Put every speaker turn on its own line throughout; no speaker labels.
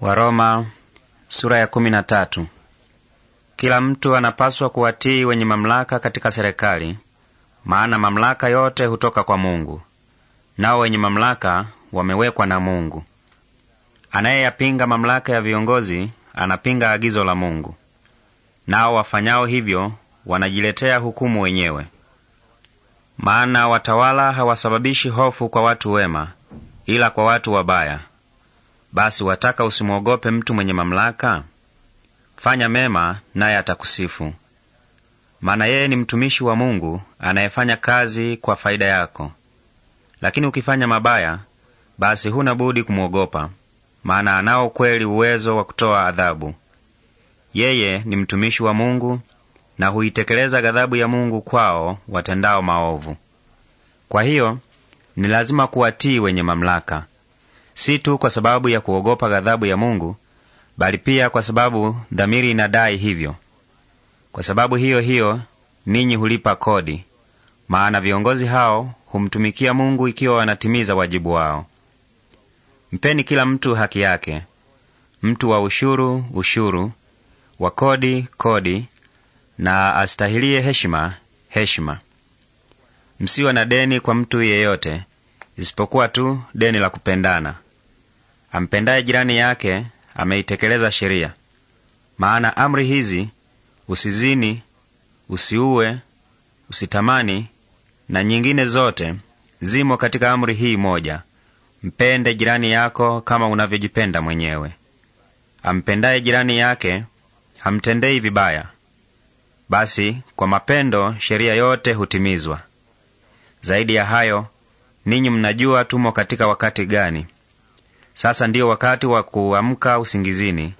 Waroma sura ya kumi na tatu. Kila mtu anapaswa kuwatii wenye mamlaka katika serikali, maana mamlaka yote hutoka kwa Mungu, nao wenye mamlaka wamewekwa na Mungu. Anayeyapinga mamlaka ya viongozi anapinga agizo la Mungu, nao wafanyao hivyo wanajiletea hukumu wenyewe. Maana watawala hawasababishi hofu kwa watu wema, ila kwa watu wabaya. Basi wataka usimwogope mtu mwenye mamlaka? Fanya mema, naye atakusifu, maana yeye ni mtumishi wa Mungu anayefanya kazi kwa faida yako. Lakini ukifanya mabaya, basi huna budi kumwogopa, maana anao kweli uwezo wa kutoa adhabu. Yeye ni mtumishi wa Mungu na huitekeleza ghadhabu ya Mungu kwao watendao maovu. Kwa hiyo ni lazima kuwatii wenye mamlaka, si tu kwa sababu ya kuogopa ghadhabu ya Mungu, bali pia kwa sababu dhamiri inadai hivyo. Kwa sababu hiyo hiyo, ninyi hulipa kodi, maana viongozi hao humtumikia Mungu ikiwa wanatimiza wajibu wao. Mpeni kila mtu haki yake, mtu wa ushuru ushuru, wa kodi kodi, na astahilie heshima heshima. Msiwa na deni kwa mtu yeyote isipokuwa tu deni la kupendana. Ampendaye jirani yake ameitekeleza sheria. Maana amri hizi, usizini, usiue, usitamani na nyingine zote, zimo katika amri hii moja, mpende jirani yako kama unavyojipenda mwenyewe. Ampendaye jirani yake hamtendei vibaya. Basi kwa mapendo sheria yote hutimizwa. Zaidi ya hayo, ninyi mnajua tumo katika wakati gani. Sasa ndiyo wakati wa kuamka usingizini.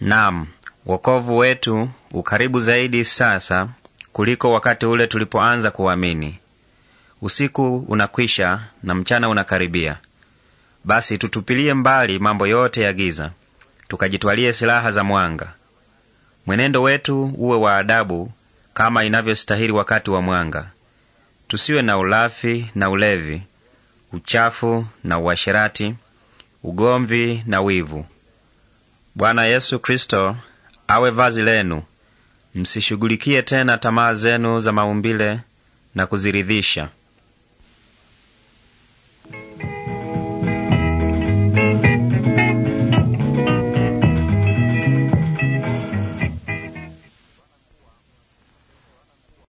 Naam, wokovu wetu ukaribu zaidi sasa kuliko wakati ule tulipoanza kuamini. Usiku unakwisha na mchana unakaribia. Basi tutupilie mbali mambo yote ya giza, tukajitwalie silaha za mwanga. Mwenendo wetu uwe wa adabu kama inavyostahili wakati wa mwanga. Tusiwe na ulafi na ulevi, uchafu na uasherati ugomvi na wivu. Bwana Yesu Kristo awe vazi lenu. Msishughulikie tena tamaa zenu za maumbile na kuziridhisha.